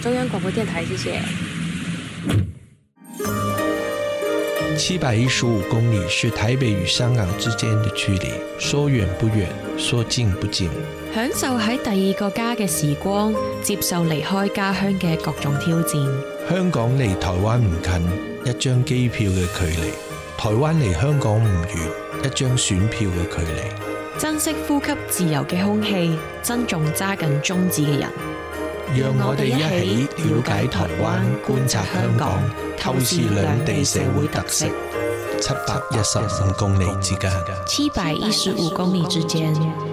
中央廣播電台，謝謝。七百一十五公里是台北與香港之間的距離，說遠不遠，說近不近。享受喺第二個家嘅時光，接受離開家鄉嘅各種挑戰。香港離台灣唔近，一張機票嘅距離；台灣離香港唔遠，一張選票嘅距離。珍惜呼吸自由嘅空氣，珍重揸緊宗旨嘅人。讓我哋一起了解台灣，觀察香港，透視兩地社會特色。七百一十五公里之間。七百一十五公里之間。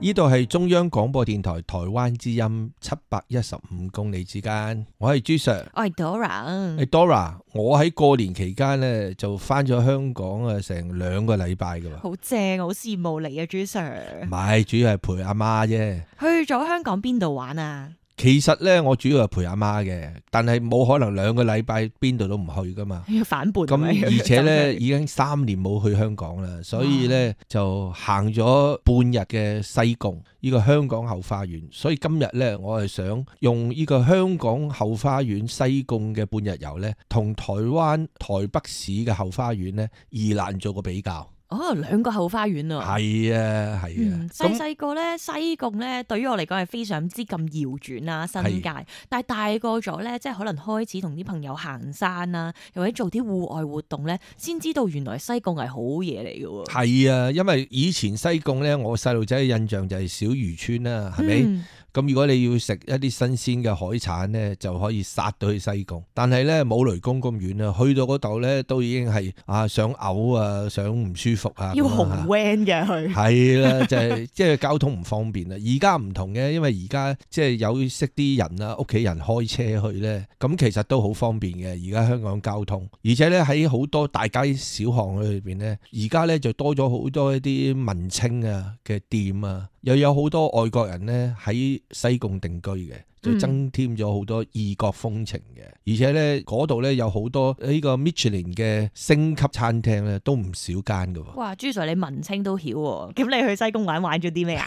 呢度係中央廣播電台台灣之音，七百一十五公里之間，我係朱 Sir，我係 Dora。係 Dora，我喺過年期間呢，就返咗香港啊，成兩個禮拜噶。好正，好羨慕你啊，朱 Sir。唔係，主要係陪阿媽啫。去咗香港邊度玩啊？其實呢，我主要係陪阿媽嘅，但係冇可能兩個禮拜邊度都唔去㗎嘛。反叛咁、啊，而且呢 已經三年冇去香港啦，所以呢就行咗半日嘅西貢，呢、這個香港後花園。所以今日呢，我係想用呢個香港後花園西貢嘅半日遊呢，同台灣台北市嘅後花園呢，宜蘭做個比較。哦，兩個後花園啊！係啊，係啊！細細個咧西貢咧，對於我嚟講係非常之咁遙遠啊，新界。啊、但係大個咗咧，即係可能開始同啲朋友行山啊，又或者做啲戶外活動咧，先知道原來西貢係好嘢嚟㗎喎。係啊，因為以前西貢咧，我細路仔嘅印象就係小漁村啦，係咪？嗯咁如果你要食一啲新鮮嘅海產呢，就可以殺到去西貢。但係呢，冇雷公咁遠啦，去到嗰度呢，都已經係啊想嘔啊，想唔舒服啊。要紅 van 嘅去。係啦，就係即係交通唔方便啦。而家唔同嘅，因為而家即係有識啲人啦，屋企人開車去呢，咁其實都好方便嘅。而家香港交通，而且呢，喺好多大街小巷裏邊呢，而家呢，就多咗好多一啲文青啊嘅店啊。又有好多外國人咧喺西貢定居嘅。就增添咗好多異國風情嘅，而且咧嗰度咧有好多呢個 Michelin 嘅星級餐廳咧，都唔少間噶喎、哦。哇！朱 Sir 你文青都曉喎、哦，咁你去西貢玩玩咗啲咩啊？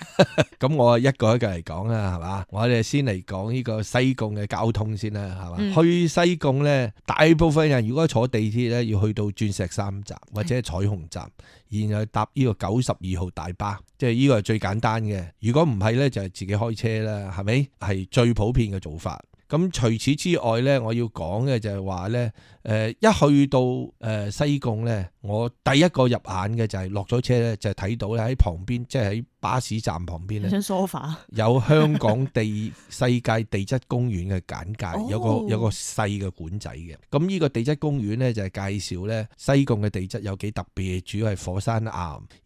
咁 我一個一個嚟講啦，係嘛？我哋先嚟講呢個西貢嘅交通先啦，係嘛？嗯、去西貢咧，大部分人如果坐地鐵咧，要去到鑽石山站或者彩虹站，嗯、然後搭呢個九十二號大巴，即係呢個係最簡單嘅。如果唔係咧，就係自己開車啦，係咪？係最普遍嘅做法，咁、嗯、除此之外呢，我要講嘅就係話呢，誒、呃，一去到誒、呃、西貢呢，我第一個入眼嘅就係落咗車呢，就睇、是、到咧喺旁邊，即係喺巴士站旁邊，張有香港地 世界地質公園嘅簡介，有個有個細嘅管仔嘅，咁、嗯、呢、哦、個地質公園呢，就係介紹呢，西貢嘅地質有幾特別，主要係火山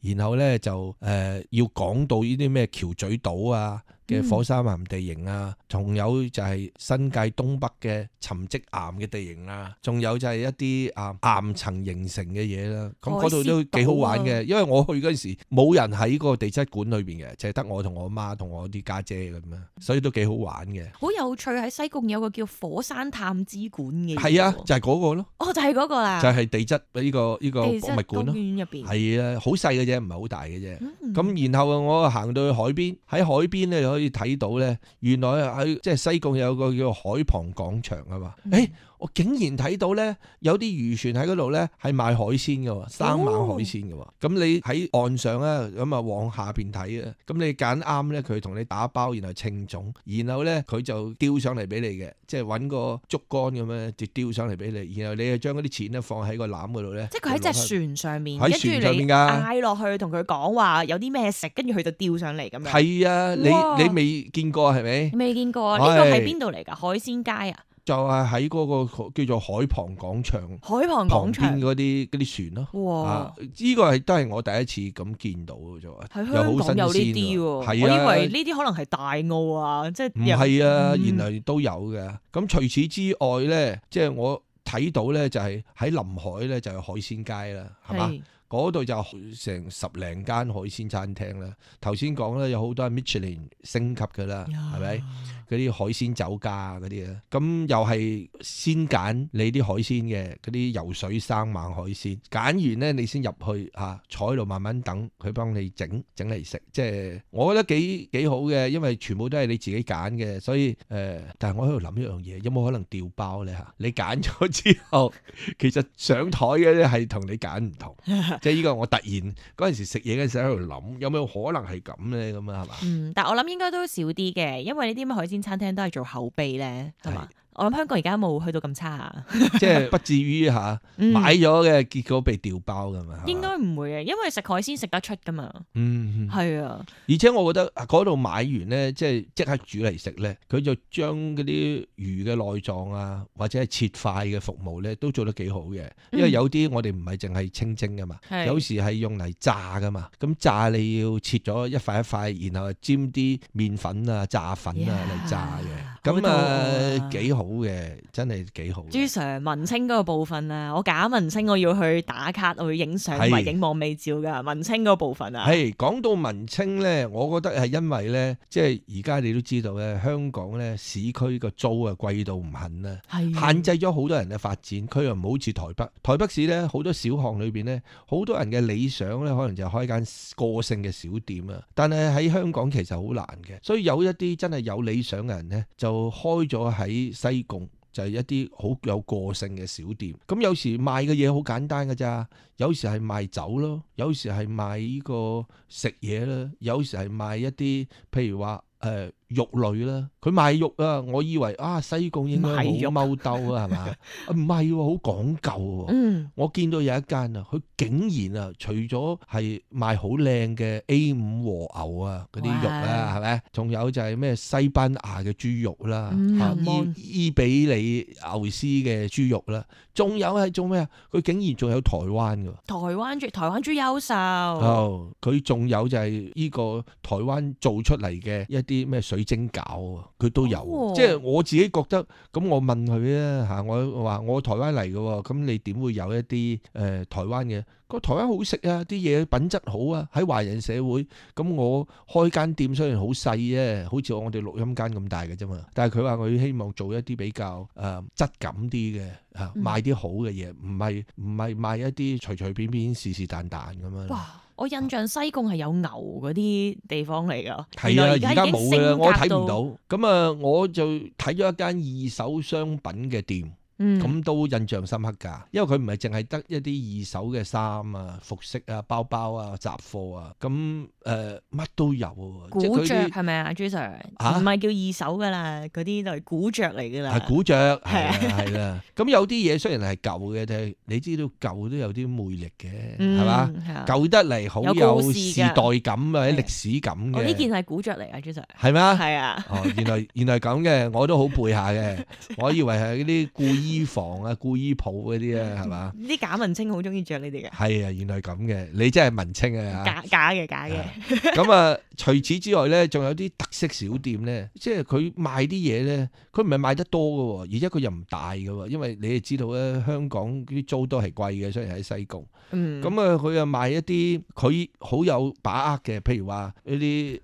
岩，然後呢，就、呃、誒要講到呢啲咩橋咀島啊。嘅火山岩地形啊，仲、嗯、有就係新界東北嘅沉積岩嘅地形啊，仲有就係一啲啊岩層形成嘅嘢啦。咁嗰度都幾好玩嘅，因為我去嗰陣時冇人喺個地質館裏邊嘅，淨係得我同我媽同我啲家姐咁樣，所以都幾好玩嘅。好有趣喺西貢有個叫火山探知館嘅，係啊，就係、是、嗰個咯。哦，就係、是、嗰個啦。就係地質呢、這個呢、這個博物館咯。公園入邊。係啊，好細嘅啫，唔係好大嘅啫。嗯咁、嗯、然後啊，我行到去海邊，喺海邊咧又可以睇到咧，原來喺即係西貢有個叫海傍廣場啊嘛，哎。嗯我竟然睇到咧，有啲漁船喺嗰度咧，係賣海鮮噶，生猛海鮮噶。咁、哦、你喺岸上咧，咁啊往下邊睇啊。咁你揀啱咧，佢同你打包，然後稱重，然後咧佢就釣上嚟俾你嘅，即係搵個竹竿咁樣就釣上嚟俾你，然後你就將嗰啲錢咧放喺個籃嗰度咧。即係佢喺隻船上面，喺船上面噶，嗌落、啊、去同佢講話有啲咩食，跟住佢就釣上嚟咁樣。係啊，你你未見過係咪？未見過啊？呢個係邊度嚟噶？海鮮街啊？就係喺嗰個叫做海傍廣場，海傍廣場邊嗰啲船咯。哇！依、啊呢個係都係我第一次咁見到嘅啫。喺香港好新鮮有呢啲喎，啊、我以為呢啲可能係大澳啊，即係唔係啊？原來都有嘅。咁、嗯、除此之外咧，即係我睇到咧，就係喺臨海咧就有海鮮街啦，係嘛是？嗰度就成十零間海鮮餐廳啦，頭先講咧有好多係 Michelin 升級噶啦，係咪 Yeah.？嗰啲海鮮酒家啊，嗰啲咧，咁又係先揀你啲海鮮嘅，嗰啲游水生猛海鮮，揀完咧你先入去吓，坐喺度慢慢等佢幫你整，整嚟食，即係我覺得幾幾好嘅，因為全部都係你自己揀嘅，所以誒、呃，但係我喺度諗一樣嘢，有冇可能掉包咧吓？你揀咗之後，其實上枱嘅係同你揀唔同。 即係呢個，我突然嗰陣時食嘢嘅時候喺度諗，有冇可能係咁咧？咁樣，係嘛？嗯，但係我諗應該都少啲嘅，因為呢啲咩海鮮餐廳都係做口碑咧，係嘛？我諗香港而家冇去到咁差，啊， 即係不至於吓，啊嗯，買咗嘅結果被掉包噶嘛？應該唔會嘅，吧因為食海鮮食得出噶嘛嗯。嗯，係啊。而且我覺得嗰度買完咧，即係即刻煮嚟食咧，佢就將嗰啲魚嘅內臟啊，或者係切塊嘅服務咧，都做得幾好嘅。嗯，因為有啲我哋唔係淨係清蒸噶嘛，是有時係用嚟炸噶嘛。咁炸你要切咗一塊一塊，然後沾啲麵粉啊、炸粉啊嚟炸嘅。Yeah. 咁啊，幾好嘅，真係幾好。朱 Sir 文青嗰個部分啊，我假文青，我要去打卡，我要影相，是為影望美照㗎。文青嗰部分啊，係講到文青咧，我覺得係因為咧，即係而家你都知道咧，香港咧市區個租啊貴到唔肯啊，係，啊、限制咗好多人嘅發展。佢又唔好似台北，台北市咧好多小巷裏邊咧，好多人嘅理想咧，可能就開間個性嘅小店啊，但係喺香港其實好難嘅，所以有一啲真係有理想嘅人咧就，開咗喺西貢，就係一啲好有個性嘅小店。咁有時賣嘅嘢好簡單噶咋，有時係賣酒咯，有時係賣依個食嘢啦，有時係賣一啲，譬如話誒。呃肉類啦，佢賣肉啊，我以為啊，西貢應該好踎兜啊，係嘛、啊？唔係喎，好講究喎、啊。嗯，我見到有一間啊，佢竟然啊，除咗係賣好靚嘅 A 五和牛啊，嗰啲肉啦、啊，係咪喂？仲有就係咩西班牙嘅豬肉啦，啊，伊伊比利牛絲嘅豬肉啦，仲有係做咩啊？佢竟然仲有台灣㗎。台灣豬，台灣豬優秀。哦，佢仲有就係呢個台灣做出嚟嘅一啲咩？水晶餃啊，佢都有，哦哦，即係我自己覺得咁，我問佢啊吓，我話我台灣嚟嘅，咁你點會有一啲誒、呃、台灣嘅？個台灣好食啊！啲嘢品質好啊！喺華人社會咁，我開間店雖然好細啫，好似我哋錄音間咁大嘅啫嘛。但係佢話佢希望做一啲比較誒、呃、質感啲嘅嚇，賣啲好嘅嘢，唔係唔係賣一啲隨隨便便，便、是是但但咁樣！哇！我印象西貢係有牛嗰啲地方嚟噶，啊、原來而家冇啦，我睇唔到。咁啊，我就睇咗一間二手商品嘅店。咁都印象深刻噶，因為佢唔係淨係得一啲二手嘅衫啊、服飾啊、包包啊、雜貨啊，咁誒乜都有嘅。古着係咪啊，朱 Sir？吓，唔係叫二手噶啦，嗰啲就係古着嚟噶啦。係古着，係係啦。咁有啲嘢雖然係舊嘅，但係你知道舊都有啲魅力嘅，係嘛？舊得嚟好有時代感啊，係歷史感嘅。呢件係古着嚟啊，朱 Sir。係咩？係啊。哦，原來原來咁嘅，我都好背下嘅。我以為係呢啲故衣房啊、故衣鋪嗰啲啊，係嘛？啲假文青好中意着呢啲嘅。係啊，原來咁嘅，你真係文青啊！假假嘅，假嘅。咁啊，除此之外咧，仲有啲特色小店咧，即係佢賣啲嘢咧，佢唔係賣得多嘅，而且佢又唔大嘅，因為你係知道咧，香港啲租都係貴嘅，雖然喺西貢。嗯。咁啊，佢又賣一啲，佢好有把握嘅，譬如話呢啲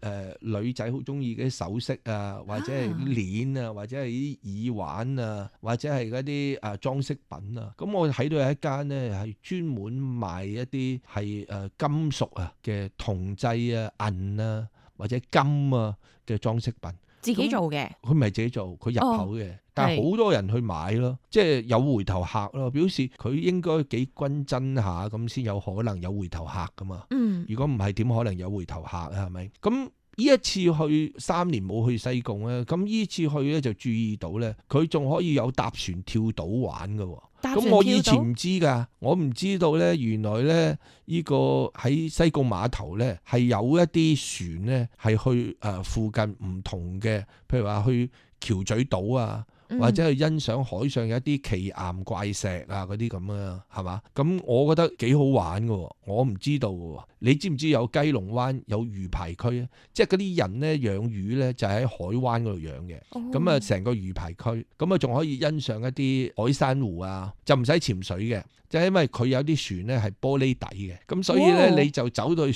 誒女仔好中意嘅啲首飾啊，或者係鏈啊，或者係啲耳環啊，或者係啲，啲誒裝飾品啊，咁、嗯、我睇到有一間咧係專門賣一啲係誒金屬啊嘅銅製啊銀啊或者金啊嘅裝飾品，自己做嘅，佢唔係自己做，佢入口嘅，哦、但係好多人去買咯，是即係有回頭客咯，表示佢應該幾均真下，咁先有可能有回頭客噶嘛。嗯，如果唔係點可能有回頭客啊？係咪咁？嗯呢一次去三年冇去西貢咧，咁呢次去咧就注意到咧，佢仲可以有搭船跳島玩嘅。咁我以前唔知噶，我唔知道咧，原來咧呢個喺西貢碼頭咧係有一啲船咧係去誒附近唔同嘅，譬如話去橋咀島啊。或者係欣賞海上有一啲奇岩怪石啊，嗰啲咁啊，係嘛？咁我覺得幾好玩嘅，我唔知道喎。你知唔知有雞龍灣有魚排區啊？即係嗰啲人咧養魚咧，就喺、是、海灣嗰度養嘅。咁啊、哦，成、嗯、個魚排區，咁啊仲可以欣賞一啲海珊瑚啊，就唔使潛水嘅。就因為佢有啲船咧係玻璃底嘅，咁所以咧你就走到船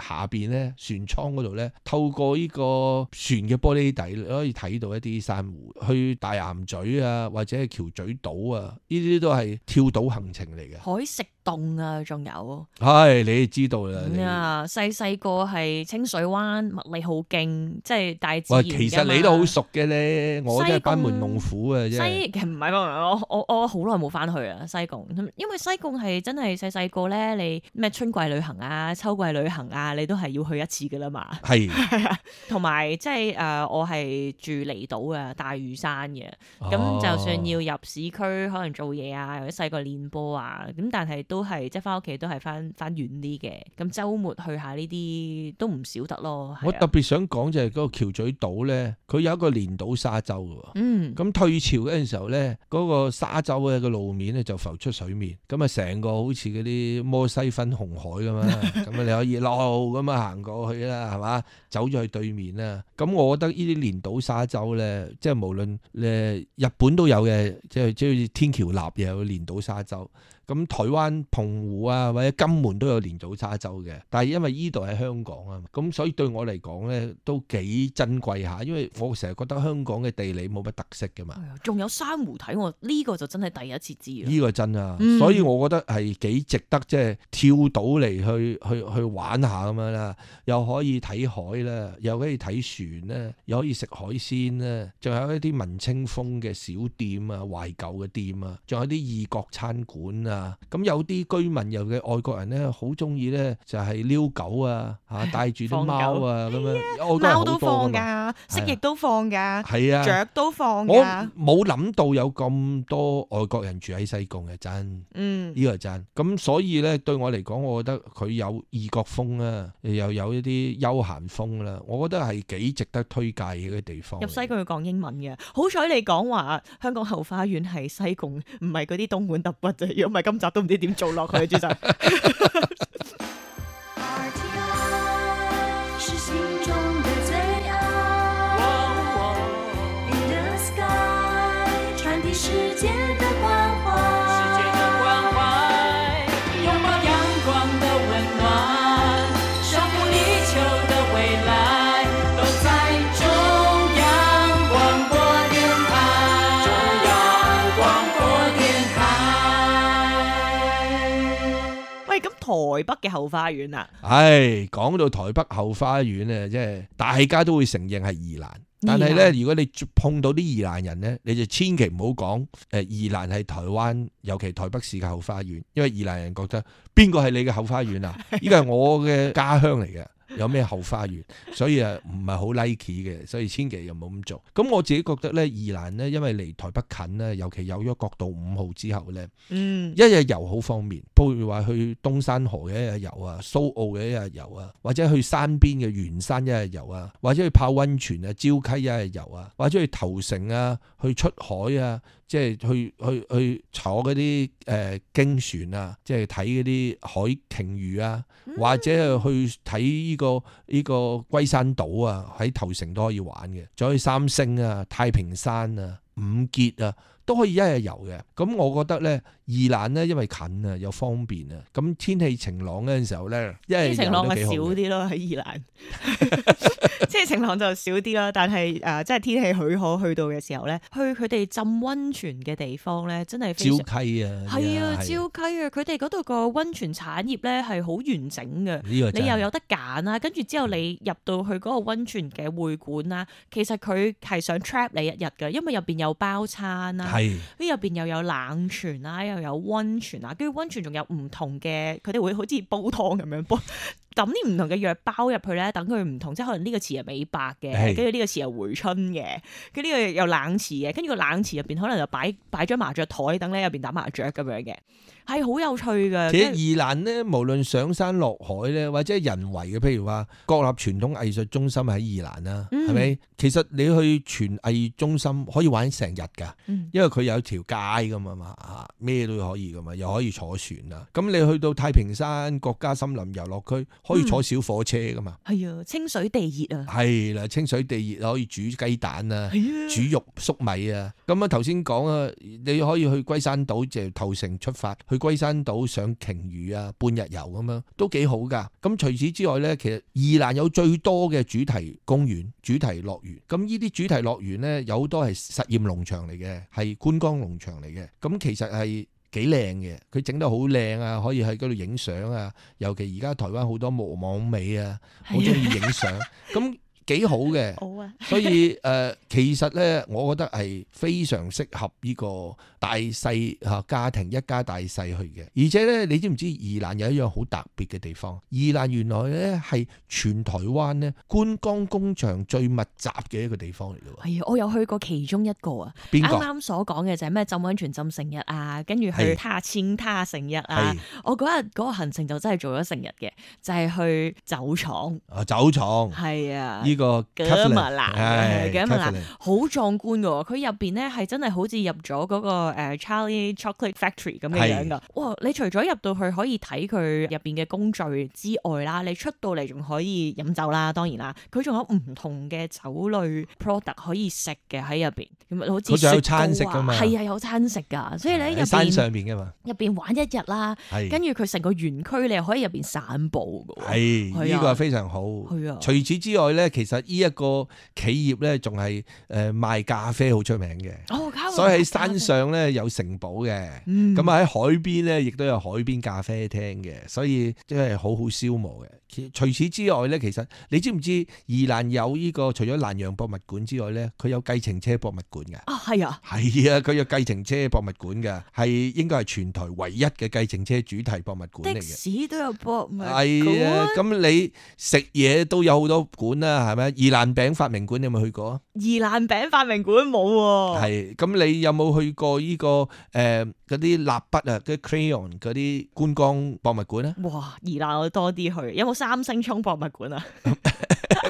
下邊咧，船艙嗰度咧，透過呢個船嘅玻璃底你可以睇到一啲珊瑚，去大岩咀啊或者係橋咀島啊，呢啲都係跳島行程嚟嘅海食。凍啊，仲有係、哎、你知道啦。啊，細細個係清水灣物理好勁，即係大自然。其實你都好熟嘅咧，我真係班門弄斧啊，真係。西其實唔係，我我我好耐冇翻去啊。西貢，因為西貢係真係細細個咧，你咩春季旅行啊、秋季旅行啊，你都係要去一次噶啦嘛。係、啊，同埋 即係誒、呃，我係住離島啊，大嶼山嘅，咁就算要入市區可能做嘢啊，或者細個練波啊，咁但係都。都係即係翻屋企都係翻翻遠啲嘅，咁周末去下呢啲都唔少得咯。啊、我特別想講就係、是、嗰、嗰個橋咀島咧，佢有一個連島沙洲嘅，嗯，咁退潮嗰陣時候咧，嗰、嗰個沙洲咧個路面咧就浮出水面，咁啊成個好似嗰啲摩西分紅海咁樣，咁啊 你可以落咁啊行過去啦，係嘛，走咗去對面啦。咁我覺得呢啲連島沙洲咧，即係無論誒日本都有嘅，即係即係天橋立又有連島沙洲。咁台灣澎湖啊，或者金門都有連島沙洲嘅，但係因為依度喺香港啊，咁所以對我嚟講咧都幾珍貴下，因為我成日覺得香港嘅地理冇乜特色㗎嘛。仲有珊瑚睇，我呢個就真係第一次知啦。依個真啊，嗯、所以我覺得係幾值得即係、就是、跳島嚟去去去玩下咁樣啦，又可以睇海啦，又可以睇船咧，又可以食海鮮咧，仲有一啲文青風嘅小店啊，懷舊嘅店啊，仲有啲異國餐館啊。啊，咁有啲居民尤其外國人咧，好中意咧就係遛狗啊，嚇帶住啲貓啊咁樣，貓都放㗎，蜥蜴都放㗎，係啊，雀都放。我冇諗到有咁多外國人住喺西貢嘅，真，嗯，依個真。咁所以咧對我嚟講，我覺得佢有異國風啦，又有一啲休閒風啦，我覺得係幾值得推介嘅地方。入西貢要講英文嘅，好彩你講話香港後花園係西貢，唔係嗰啲東莞揼骨啫。如果唔係。今集都唔知點做落去，其實。台北嘅後花園啊，唉、哎，講到台北後花園咧，即係大家都會承認係宜蘭，但係咧，如果你碰到啲宜蘭人咧，你就千祈唔好講誒，宜蘭係台灣，尤其台北市嘅後花園，因為宜蘭人覺得邊個係你嘅後花園啊？呢個係我嘅家鄉嚟嘅。 有咩後花園，所以啊，唔係好 like 嘅，所以千祈又冇咁做。咁我自己覺得咧，宜蘭咧，因為離台北近咧，尤其有咗國道五號之後咧，嗯，一日遊好方便。譬如話去東山河嘅一日遊啊，蘇澳嘅一日遊啊，或者去山邊嘅圓山一日遊啊，或者去泡溫泉啊，礁溪一日遊啊，或者去頭城啊，去出海啊，即係去去去坐嗰啲誒經船啊，即係睇嗰啲海鯨魚啊，或者係去睇這個呢、這個龜山島啊，喺頭城都可以玩嘅，仲有三星啊、太平山啊、五杰啊。都可以一日遊嘅，咁我覺得咧，宜蘭咧因為近啊又方便啊，咁天氣晴朗嗰陣時候咧，天氣晴朗咪少啲咯喺宜蘭， 即係晴朗就少啲啦。但係誒，即、呃、係天氣許可去到嘅時候咧，去佢哋浸溫泉嘅地方咧，真係礁溪啊，係啊，啊啊礁溪啊，佢哋嗰度個溫泉產業咧係好完整嘅，你又有得揀啦。跟住之後你入到去嗰個溫泉嘅會館啦，其實佢係想 trap 你一日嘅，因為入邊有包餐啦、啊。呢入邊又有冷泉啦，又有溫泉啦，跟住溫泉仲有唔同嘅，佢哋會好似煲湯咁樣煲。 抌啲唔同嘅藥包入去咧，等佢唔同，即係可能呢個池係美白嘅，跟住呢個池係回春嘅，跟住呢個又冷池嘅，跟住個冷池入邊可能又擺擺張麻雀台，等咧入邊打麻雀咁樣嘅，係好有趣噶。其實后宜蘭咧，無論上山落海咧，或者人為嘅，譬如話國立傳統藝術中心喺宜蘭啦，係咪、嗯？其實你去傳藝中心可以玩成日噶，因為佢有條街咁啊嘛，咩都可以噶嘛，又可以坐船啦。咁你去到太平山國家森林，林遊樂區。可以坐小火車噶嘛？係啊，清水地熱啊，係啦，清水地熱可以煮雞蛋啊，的煮肉粟米啊。咁、嗯、啊，頭先講啊，你可以去龜山島，就頭城出發去龜山島賞鯨魚啊，半日遊咁樣都幾好噶。咁、嗯、除、嗯、此之外呢，其實宜蘭有最多嘅主題公園、主題樂園。咁呢啲主題樂園呢，有好多係實驗農場嚟嘅，係觀光農場嚟嘅。咁其實係。幾靚嘅，佢整得好靚啊，可以喺嗰度影相啊，尤其而家台灣好多網美啊，好中意影相，咁。 幾好嘅，好啊！所以誒、呃，其實咧，我覺得係非常適合呢個大細嚇、啊、家庭一家大細去嘅。而且咧，你知唔知宜蘭有一樣好特別嘅地方？宜蘭原來咧係全台灣咧觀光工場最密集嘅一個地方嚟嘅喎。係啊，我有去過其中一個啊，啱啱誰所講嘅就係咩浸温泉浸成日啊，跟住去他千他成日啊。的我嗰日嗰個行程就真係做咗成日嘅，就係、是、去酒廠。啊，酒廠係啊！個啦，係、啊、啦，好壯觀噶！佢入邊咧係真係好似入咗嗰個誒 Charlie Chocolate Factory 咁樣樣噶。哇！你除咗入到去可以睇佢入邊嘅工序之外啦，你出到嚟仲可以飲酒啦，當然啦，佢仲有唔同嘅酒類 product 可以食嘅喺入邊，好似、啊。佢仲有餐食噶嘛？係係有餐食噶，所以你喺入邊。的面入邊玩一日啦，的跟住佢成個園區你又可以入邊散步噶。係，呢、這個係非常好。的的除此之外咧，其其實呢一個企業咧，仲係誒賣咖啡好出名嘅，所以喺山上咧有城堡嘅，咁啊喺海邊咧亦都有海邊咖啡廳嘅，所以即係好好消磨嘅。除此之外咧，其實你知唔知宜蘭有呢、這個？除咗蘭陽博物館之外咧，佢有計程車博物館嘅。啊，係啊，係啊，佢有計程車博物館嘅，係應該係全台唯一嘅計程車主題博物館嚟嘅。的士都有博物館。係啊，咁你食嘢都有好多館啦，係。宜蘭餅發明館，你有冇去過？宜蘭餅發明館冇。係咁，你有冇去過呢個誒嗰啲蠟筆啊、嗰啲 crayon 嗰啲觀光博物館咧？哇！宜蘭我多啲去。有冇三星蔥博物館啊？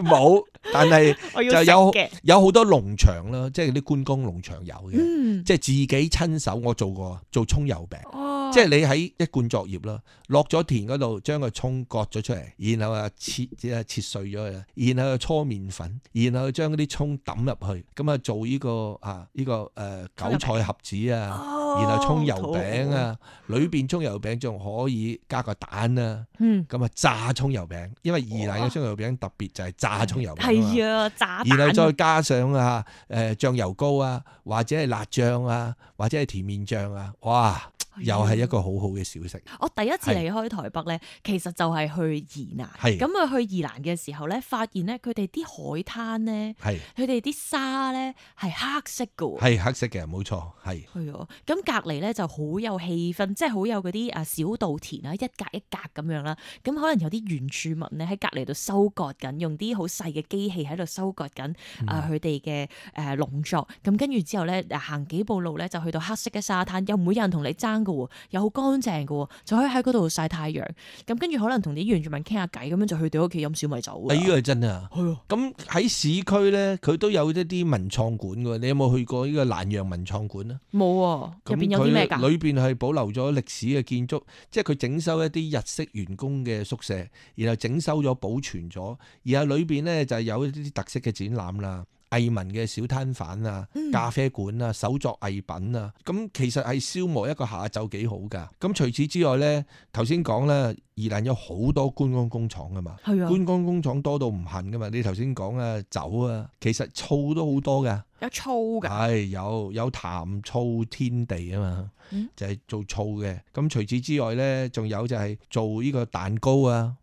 冇，但係就有有好多農場啦，即係啲觀光農場有嘅。嗯，即係自己親手我做過做蔥油餅。即係你喺一貫作業咯，落咗田嗰度將個葱割咗出嚟，然後啊切啊切碎咗佢，然後搓麵粉，然後將嗰啲葱抌入去，咁、這個、啊做呢、這個啊呢個誒韭菜盒子啊，然後葱油餅啊，裏邊、哦、葱油餅仲可以加個蛋啊。咁啊、嗯、炸葱油餅，因為宜蘭嘅葱油餅特別就係炸葱油餅，係哇、嗯、啊炸，然後再加上啊誒、呃、醬油膏啊，或者係辣醬啊，或者係甜麵醬啊，哇！又係一個好好嘅小食。我、哦、第一次離開台北咧，是其實就係去宜蘭。係咁啊，去宜蘭嘅時候咧，發現咧佢哋啲海灘咧，係佢哋啲沙咧係黑色嘅。係黑色嘅，冇錯係。係咁隔離咧就好有氣氛，即係好有嗰啲啊小稻田啦，一格一格咁樣啦。咁可能有啲原住民咧喺隔離度收割緊，用啲好細嘅機器喺度收割緊啊佢哋嘅誒農作。咁跟住之後咧，行幾步路咧就去到黑色嘅沙灘，又唔會有人同你爭。又好乾淨嘅喎，就可以喺嗰度曬太陽，咁跟住可能同啲原住民傾下偈，咁樣就去到屋企飲小米酒。呢個係真啊，係啊。咁喺市區咧，佢都有一啲文創館嘅喎。你有冇去過呢個蘭陽文創館啊？冇喎，入邊有啲咩㗎？裏邊係保留咗歷史嘅建築，即係佢整修一啲日式員工嘅宿舍，然後整修咗、保存咗，然後裏邊咧就係、有一啲特色嘅展覽啦。藝文嘅小攤販啊，嗯、咖啡館啊，手作藝品啊，咁其實係消磨一個下晝幾好噶。咁除此之外咧，頭先講啦，宜蘭有好多觀光工廠噶嘛，的觀光工廠多到唔恨噶嘛。你頭先講啊酒啊，其實醋都好多嘅、哎，有，有醋噶，係有有談醋天地啊嘛，嗯、就係做醋嘅。咁除此之外咧，仲有就係做呢個蛋糕啊，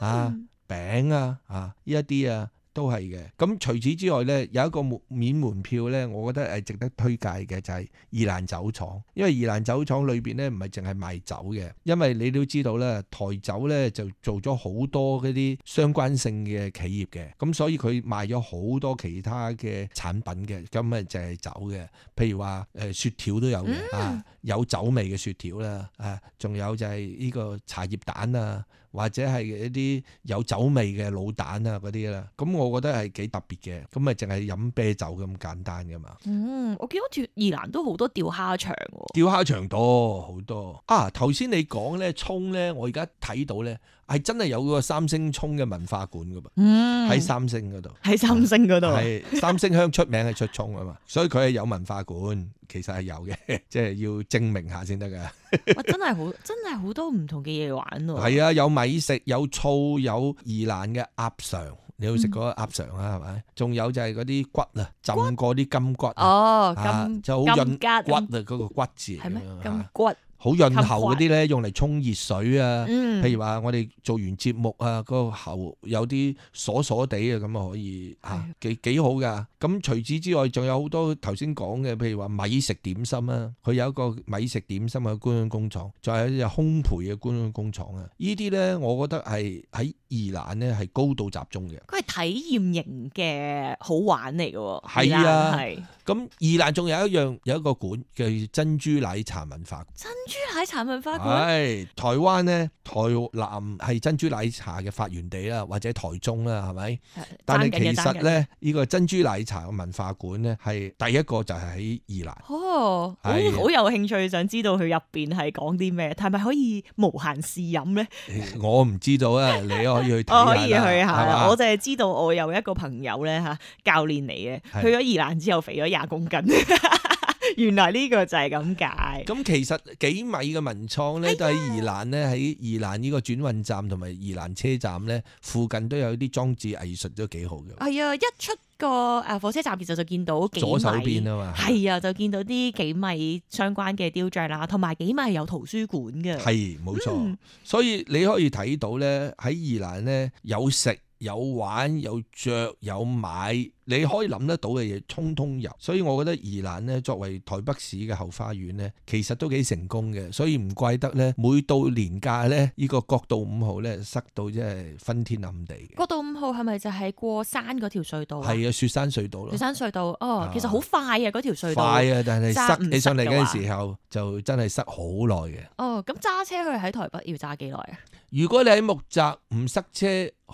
啊餅啊啊呢一啲啊。都係嘅，咁除此之外咧，有一個免門票咧，我覺得係值得推介嘅就係、是、宜蘭酒廠，因為宜蘭酒廠裏邊咧唔係淨係賣酒嘅，因為你都知道咧，台酒咧就做咗好多嗰啲相關性嘅企業嘅，咁所以佢賣咗好多其他嘅產品嘅，咁咪淨係、是、酒嘅，譬如話誒雪條都有嘅、嗯、啊，有酒味嘅雪條啦，啊，仲有就係呢個茶葉蛋啊。或者係一啲有酒味嘅滷蛋啊嗰啲啦，咁我覺得係幾特別嘅，咁咪淨係飲啤酒咁簡單嘅嘛。嗯，我見到宜蘭都好多釣蝦場喎。釣蝦場多好多啊！頭先你講咧，蔥咧，我而家睇到咧，係真係有個三星蔥嘅文化館嘅噃，喺、嗯、三星嗰度。喺是三星嗰度。係 三星鄉出名係出蔥啊嘛，所以佢係有文化館。其實係有嘅，即係要證明下先得㗎。哇！真係好，真係好多唔同嘅嘢玩喎。係啊，有米食，有醋，有宜蘭嘅鴨腸，你有食過鴨腸啊？係咪？仲、嗯、有就係嗰啲骨啊，骨浸過啲金骨啊。哦，金就好潤骨啊，嗰個骨字。係咩、嗯？金骨。好潤喉嗰啲咧，用嚟沖熱水啊！嗯、譬如話，我哋做完節目啊，個喉有啲鎖鎖地啊，咁啊可以嚇幾幾好噶。咁除此之外，仲有好多頭先講嘅，譬如話米食點心啊，佢有一個米食點心嘅觀光工廠，仲有一隻烘焙嘅觀光工廠啊。呢啲咧，我覺得係喺宜蘭咧係高度集中嘅。佢係體驗型嘅好玩嚟嘅喎，係啊，係是。咁宜蘭仲有一樣有一個館叫珍珠奶茶文化。珍珠奶茶文化館，係台灣咧，台南係珍珠奶茶嘅發源地啦，或者台中啦，係咪？係。但係其實咧，呢個是珍珠奶茶嘅文化館咧，係第一個就係喺宜蘭。哦，好好有興趣，是想知道佢入邊係講啲咩？係咪可以無限試飲咧？我唔知道啊，你可以去睇下 我可以去下啦。吧我就係知道我有一個朋友咧，吓教練嚟嘅，的去咗宜蘭之後肥咗廿公斤。 原來呢個就係咁解。咁其實幾米嘅文創咧，都喺宜蘭咧，喺呀宜蘭呢個轉運站同埋宜蘭車站咧，附近都有啲裝置藝術都幾好嘅。係啊，一出個誒火車站，其實就見到幾米。左手邊啊嘛。係啊，就見到啲幾米相關嘅雕像啦，同埋幾米係有圖書館嘅。係，冇錯。嗯、所以你可以睇到咧，喺宜蘭咧，有食有玩有着、有買。你可以諗得到嘅嘢，通通有，所以我覺得宜蘭呢作為台北市嘅後花園呢，其實都幾成功嘅。所以唔怪得呢，每到年假呢，呢、這個國道五號呢，塞到真係昏天暗地。國道五號係咪就係過山嗰條隧道啊？係啊，雪山隧道。雪山隧道哦，其實好快啊，嗰條、啊、隧道。快啊，但係塞，塞。你上嚟嘅時候就真係塞好耐嘅。哦，咁揸車去喺台北要揸幾耐啊？如果你喺木柵唔塞車，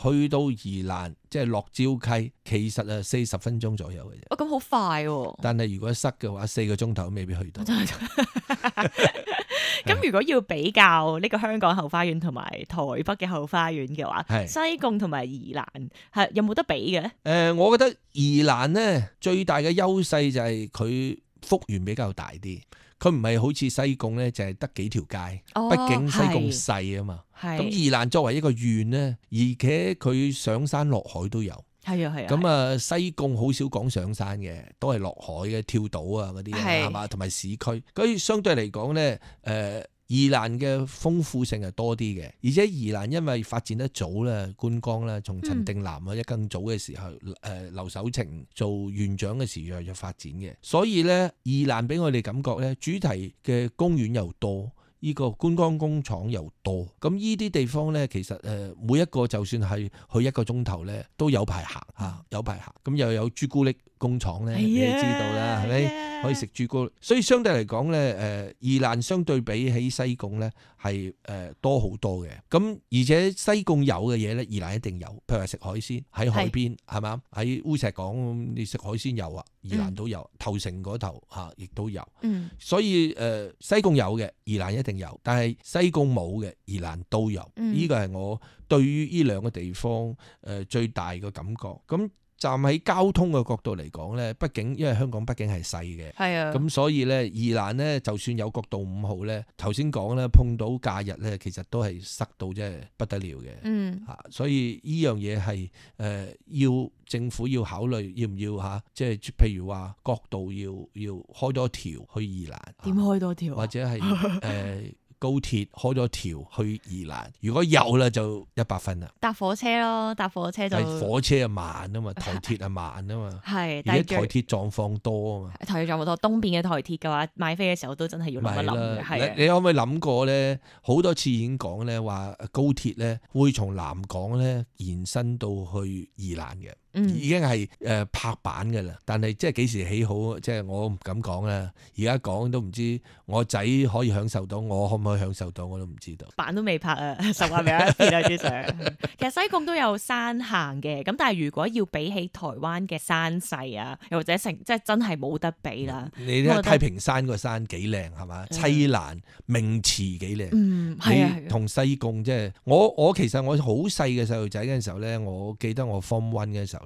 去到宜蘭。即係落蕉溪，其實啊四十分鐘左右嘅啫。哦，咁好快、哦。但係如果塞嘅話，四個鐘頭未必去到。咁 如果要比較呢個香港後花園同埋台北嘅後花園嘅話，是西貢同埋宜蘭係有冇得比嘅？誒、呃，我覺得宜蘭咧最大嘅優勢就係佢幅員比較大啲。佢唔係好似西貢咧，就係得幾條街。哦、畢竟西貢細啊嘛，咁宜的蘭作為一個縣咧，而且佢上山落海都有。係啊係啊，咁啊西貢好少講上山嘅，都係落海嘅跳島啊嗰啲係嘛，同埋的市區，所以相對嚟講咧誒。呃宜蘭嘅豐富性係多啲嘅，而且宜蘭因為發展得早咧，觀光咧，從陳定南啊，一更早嘅時候，誒、嗯，劉守成做縣長嘅時候，又要發展嘅，所以咧，宜蘭俾我哋感覺咧，主題嘅公園又多，呢、這個觀光工廠又多，咁呢啲地方咧，其實誒，每一個就算係去一個鐘頭咧，都、嗯、有排行嚇，有排行，咁又有朱古力。工廠咧，你都知道啦，係咪可以食朱古力。所以相對嚟講咧，誒，宜蘭相對比起西貢咧，係誒多好多嘅。咁而且西貢有嘅嘢咧，宜蘭一定有。譬如話食海鮮，喺海邊係嘛，喺烏是石港你食海鮮有啊，宜蘭都有，嗯、頭城嗰頭吓亦都有。嗯、所以誒、呃、西貢有嘅宜蘭一定有，但係西貢冇嘅宜蘭都有。呢個係我對於呢兩個地方誒、呃、最大嘅感覺。咁。站喺交通嘅角度嚟講咧，畢竟因為香港畢竟係細嘅，咁的所以咧，宜蘭咧就算有國道五號咧，頭先講咧，碰到假日咧，其實都係塞到真係不得了嘅。嗯，嚇、啊，所以呢樣嘢係誒要政府要考慮要唔要嚇，即係譬如話國道要要多開，條開多條去宜蘭。點開多條？或者係誒？ 高鐵開咗條去宜蘭，如果有啦就一百分啦。搭火車咯，搭火車就，係火車啊慢啊嘛，台鐵啊慢啊嘛。係 而且台鐵狀況多啊嘛。台鐵狀況多，東邊嘅台鐵嘅話買飛嘅時候都真係要諗一諗嘅。的你可唔可以諗過咧？好多次已經講咧話高鐵咧會從南港咧延伸到去宜蘭嘅。嗯、已經係誒拍板嘅啦，但係即係幾時起好，即係我唔敢講啦。而家講都唔知我仔可以享受到我，我可唔可以享受到，我都唔知道。板都未拍啊，十萬名，其實西貢都有山行嘅，咁但係如果要比起台灣嘅山勢啊，又或者成即係真係冇得比啦，嗯。你睇太平山個山幾靚係嘛？棲、嗯、蘭明池幾靚。同、嗯、西貢即係的的我我其實我好細嘅細路仔嗰陣時候咧，我記得我 form one 嗰陣時候。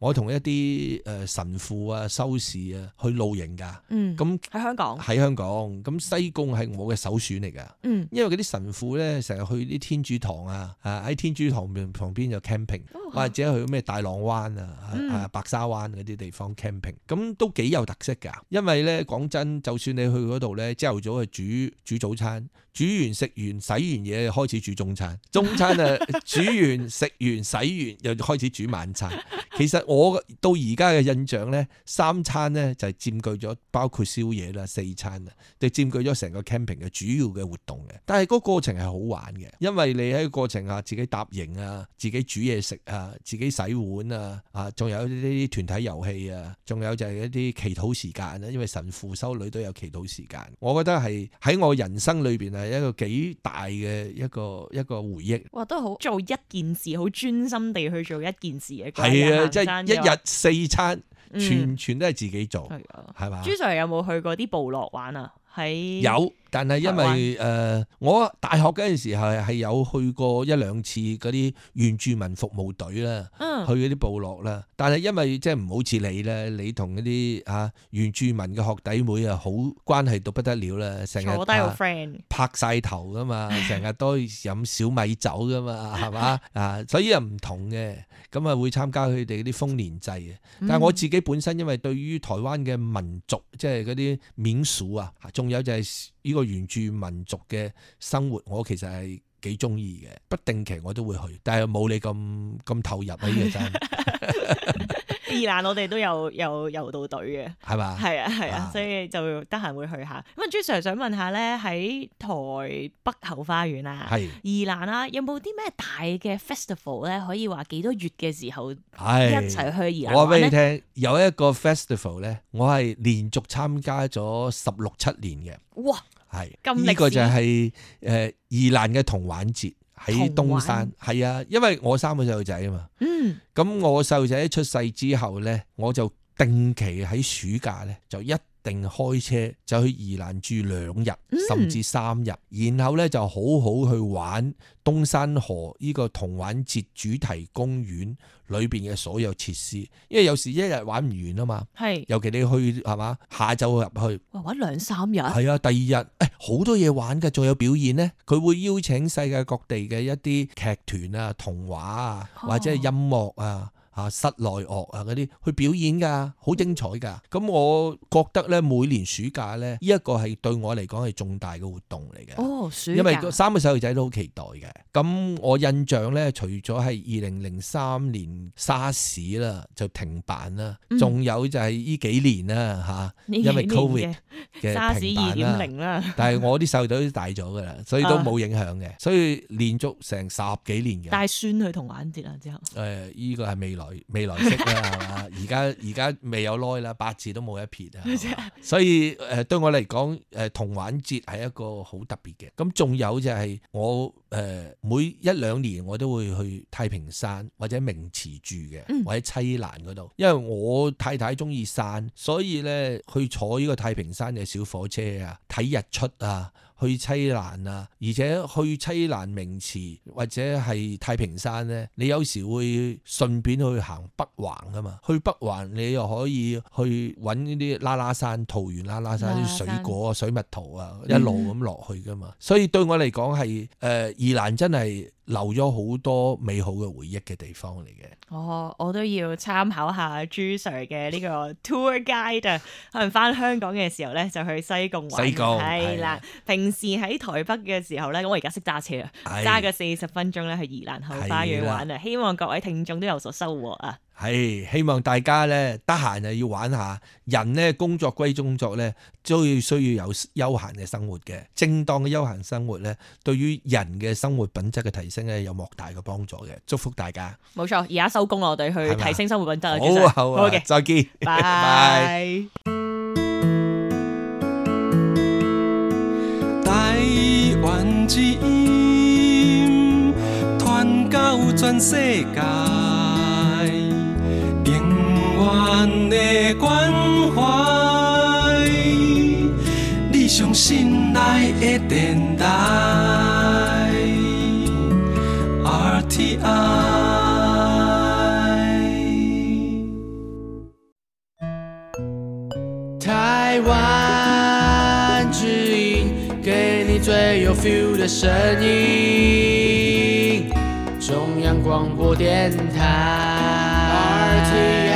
我同一啲誒神父啊、修士啊去露營㗎，咁喺香港喺香港，咁西貢係我嘅首選嚟㗎，嗯、因為嗰啲神父咧成日去啲天主堂啊，喺天主堂旁邊就 camping，或者去咩大浪灣啊、嗯、啊白沙灣嗰啲地方 camping，咁都幾有特色㗎。因為咧講真，就算你去嗰度咧，朝頭早係煮煮早餐，煮完食完洗完嘢，開始煮中餐，中餐啊煮完 食完洗完，完又開始煮晚餐。 其實我到而家嘅印象呢，三餐呢就係佔據咗，包括宵夜啦、四餐啊，就佔據咗成個 camping 嘅主要嘅活動嘅。但係個過程係好玩嘅，因為你喺個過程啊，自己搭營啊，自己煮嘢食啊，自己洗碗啊，啊，仲有呢啲團體遊戲啊，仲有就係一啲祈禱時間啦，因為神父修女都有祈禱時間。我覺得係喺我人生裏邊係一個幾大嘅一個一個回憶。哇，都好做一件事，好專心地去做一件事嘅。係啊。即係一日四餐，全、嗯、全都係自己做，係嘛的？吧朱 Sir 有冇去過啲部落玩啊？喺有。但係因為誒灣、呃，我大學嗰陣時候係有去過一兩次嗰啲原住民服務隊啦，嗯、去嗰啲部落啦。但係因為即係唔好似你咧，你同嗰啲嚇原住民嘅學弟妹啊，好關係到不得了啦，成日、好大個 friend、啊、拍晒頭噶嘛，成日都飲小米酒噶嘛，係嘛 啊？所以又唔同嘅，咁啊會參加佢哋嗰啲豐年祭啊。但係我自己本身因為對於台灣嘅民族，即係嗰啲緬數啊，仲有就係、是。呢個原住民族嘅生活，我其實係。幾中意嘅不定期我都會去，但係冇你咁咁投入呢個真係。 宜蘭我哋都有有遊到隊嘅，係嘛吧？係啊係啊，的所以就得閒會去下。咁啊朱 Sir 想問下咧，喺台北後花園啊，係的宜蘭啊，有冇啲咩大嘅 festival 咧？可以話幾多月嘅時候一齊去宜蘭玩咧？我話俾你聽，有一個 festival 咧，我係連續參加咗十六七年嘅。哇！係，呢個就係誒宜蘭嘅童玩節，喺東山，係玩啊，因為我三個細路仔啊嘛，咁、嗯、我細路仔出世之後咧，我就定期喺暑假咧就一定開車就去宜蘭住兩日，甚至三日，嗯，然後呢，就好好去玩東山河呢個童玩節主題公園裏邊嘅所有設施，因為有時一日玩唔完啊嘛。係，尤其你去係嘛，下晝入去玩兩三日。係啊，第二日誒好多嘢玩嘅，仲有表演呢，佢會邀請世界各地嘅一啲劇團啊、童話啊，或者係音樂啊。哦啊啊！室內樂啊嗰啲，去表演噶，好精彩噶。咁、嗯、我覺得咧，每年暑假咧，呢、這、一個係對我嚟講係重大嘅活動嚟嘅。哦，暑假，因為三個細路仔都好期待嘅。咁我印象咧，除咗係二零零三年沙士啦，就停辦啦，仲、嗯、有就係呢幾年啦，吓、啊，因為 Covid 嘅沙士二點零，停辦啦。 但係我啲細路仔都大咗噶啦，所以都冇影響嘅。所以連續成十幾年嘅。帶孫去同玩節啊之後。誒， 依個係未未來式啦，係嘛？ 而家而家未有耐啦，八字都冇一撇啊！ 所以誒，對我嚟講，誒童玩節係一個好特別嘅。咁仲有就係、是、我誒、呃、每一兩年我都會去太平山或者明池住嘅，或者棲蘭嗰度，嗯、因為我太太中意山，所以咧去坐呢個太平山嘅小火車啊，睇日出啊！去棲蘭啊，而且去棲蘭明池或者係太平山咧，你有時會順便去行北橫啊嘛。去北橫你又可以去揾呢啲拉拉山、桃園拉拉山啲水果啊、水蜜桃啊，一路咁落去噶嘛。嗯、所以對我嚟講係誒宜蘭真係。留咗好多美好嘅回憶嘅地方嚟嘅。哦，我都要參考下朱 Sir 嘅呢個 tour guide， 可能返香港嘅時候咧就去西貢玩。西貢係啦。了啊、平時喺台北嘅時候咧，咁我而家識揸車啦，揸、啊、個四十分鐘咧去宜蘭後花園玩啊！希望各位聽眾都有所收穫啊！係，希望大家咧得閒啊，要玩下。人咧，工作歸工作咧，都要需要有休閒嘅生活嘅。正當嘅休閒生活咧，對於人嘅生活品質嘅提升咧，有莫大嘅幫助嘅。祝福大家。冇錯，而家收工我哋去提升生活品質啦吧。好啊，好啊，好好嘅，再見，拜拜。的聲音，中央廣播電台。